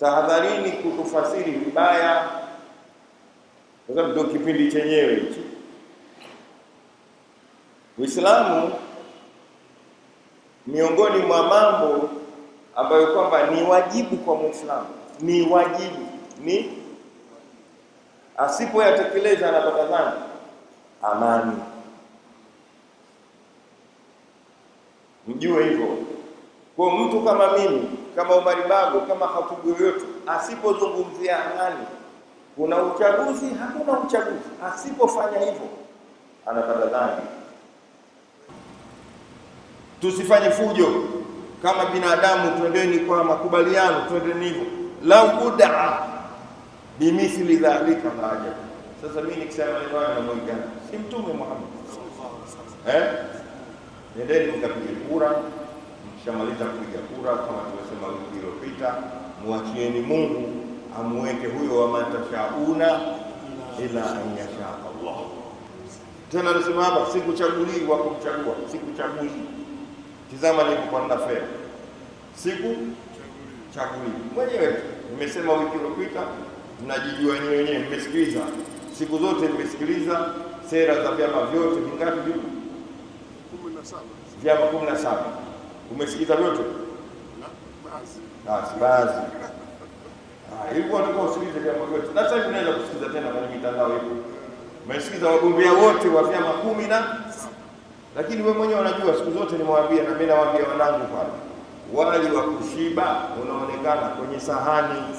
tahadharini kutufasiri vibaya, kwa sababu ndio kipindi chenyewe hicho. Uislamu miongoni mwa mambo ambayo kwamba ni wajibu kwa Muislamu, ni wajibu, ni asipoyatekeleza anapata dhambi, amani. Mjue hivyo. Kwa mtu kama mimi kama Omary Bago kama hatubu yoyote asipozungumzia amani, kuna uchaguzi hakuna uchaguzi, asipofanya hivyo anapata dhambi. Tusifanye fujo kama binadamu, twendeni kwa makubaliano, twendeni hivyo. lau udaa bimithli dhalika la Sasa mimi nikisema neno na mwingine si mtume Muhammad eh, nendeni mkapiga kura Mshamaliza kupiga kura kama tumesema wiki iliyopita, mwachieni Mungu amweke huyo, wamatashauna ila an yasha Allah. Tena nasema hapa, sikuchagulii wa kumchagua, sikuchagulii. Tizama nilivyokuwa fair, siku sikuchagulii mwenyewe. Nimesema wiki iliyopita, mnajijua wenyewe wenyewe, mmesikiliza siku zote, mmesikiliza sera za vyama vyote vingapi? Vyama kumi na saba Umesikiza vyote basi ah, basi, ah, ilikuwa tuko usikilize vyama vyote, na sasa hivi unaweza kusikiza tena kwenye mitandao hiyo. Umesikiza wagombea wote wa vyama kumi na lakini wewe mwenyewe unajua, siku zote nimewaambia na mimi nawaambia wanangu, pale wali wa kushiba unaonekana kwenye sahani.